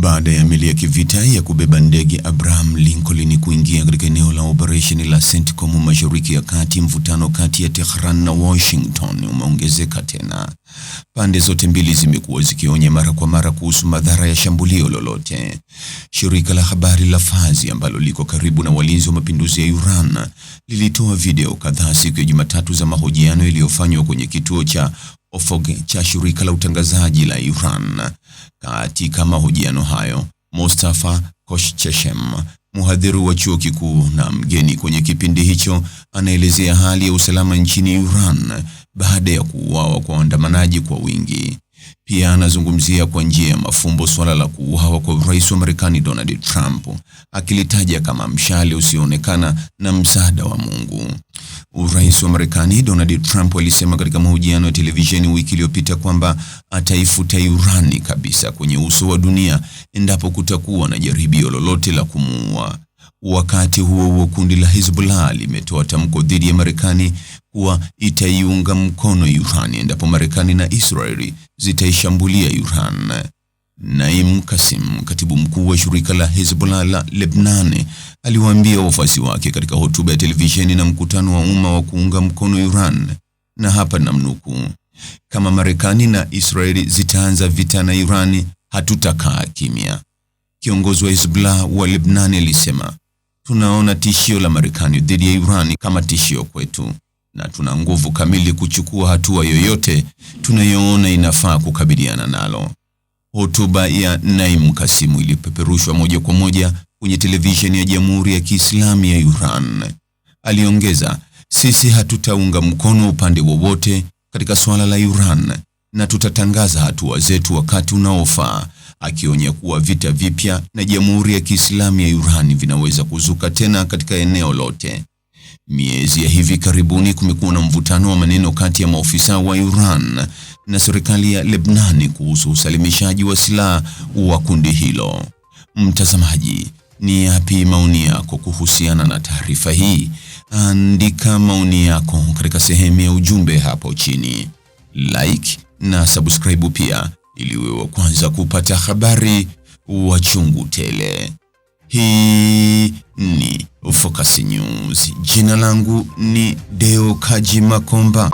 Baada ya meli ya kivita ya kubeba ndege Abraham Lincoln kuingia katika eneo la operesheni la CENTCOM Mashariki ya Kati, mvutano kati ya Tehran na Washington umeongezeka tena. Pande zote mbili zimekuwa zikionya mara kwa mara kuhusu madhara ya shambulio lolote. Shirika la habari la fazi ambalo liko karibu na walinzi wa mapinduzi ya Iran lilitoa video kadhaa siku ya Jumatatu za mahojiano yaliyofanywa kwenye kituo cha Ofog cha shirika la utangazaji la Iran. Katika mahojiano hayo, Mustafa Koshcheshem, mhadhiri wa chuo kikuu na mgeni kwenye kipindi hicho, anaelezea hali ya usalama nchini Iran baada ya kuuawa kwa waandamanaji kwa wingi. Pia anazungumzia kwa njia ya mafumbo suala la kuuawa kwa Rais wa Marekani Donald Trump, akilitaja kama mshale usioonekana na msaada wa Mungu. Rais wa Marekani Donald Trump alisema katika mahojiano ya televisheni wiki iliyopita kwamba ataifuta Iran kabisa kwenye uso wa dunia endapo kutakuwa na jaribio lolote la kumuua. Wakati huo huo, kundi la Hezbollah limetoa tamko dhidi ya Marekani kuwa itaiunga mkono Iran endapo Marekani na Israeli zitaishambulia Iran. Naim Kasim, katibu mkuu wa shirika la Hezbollah la Lebanon, aliwaambia wafuasi wake katika hotuba ya televisheni na mkutano wa umma wa kuunga mkono Iran, na hapa namnukuu: kama Marekani na Israeli zitaanza vita na Iran, hatutakaa kimya. Kiongozi wa Hezbollah wa Lebanon alisema, tunaona tishio la Marekani dhidi ya Iran kama tishio kwetu na tuna nguvu kamili kuchukua hatua yoyote tunayoona inafaa kukabiliana nalo. Hotuba ya Naim kasimu ilipeperushwa moja kwa moja kwenye televisheni ya Jamhuri ya Kiislamu ya Iran. Aliongeza, sisi hatutaunga mkono upande wowote katika suala la Iran na tutatangaza hatua zetu wakati unaofaa, akionya kuwa vita vipya na Jamhuri ya Kiislamu ya Iran vinaweza kuzuka tena katika eneo lote. Miezi ya hivi karibuni kumekuwa na mvutano wa maneno kati ya maofisa wa Iran na serikali ya Lebanoni kuhusu usalimishaji wa silaha wa kundi hilo. Mtazamaji, ni yapi maoni yako kuhusiana na taarifa hii? Andika maoni yako katika sehemu ya ujumbe hapo chini. Like na subscribe pia ili uwe wa kwanza kupata habari wa chungu tele. Hii ni Focus News. Jina langu ni Deo Kaji Makomba.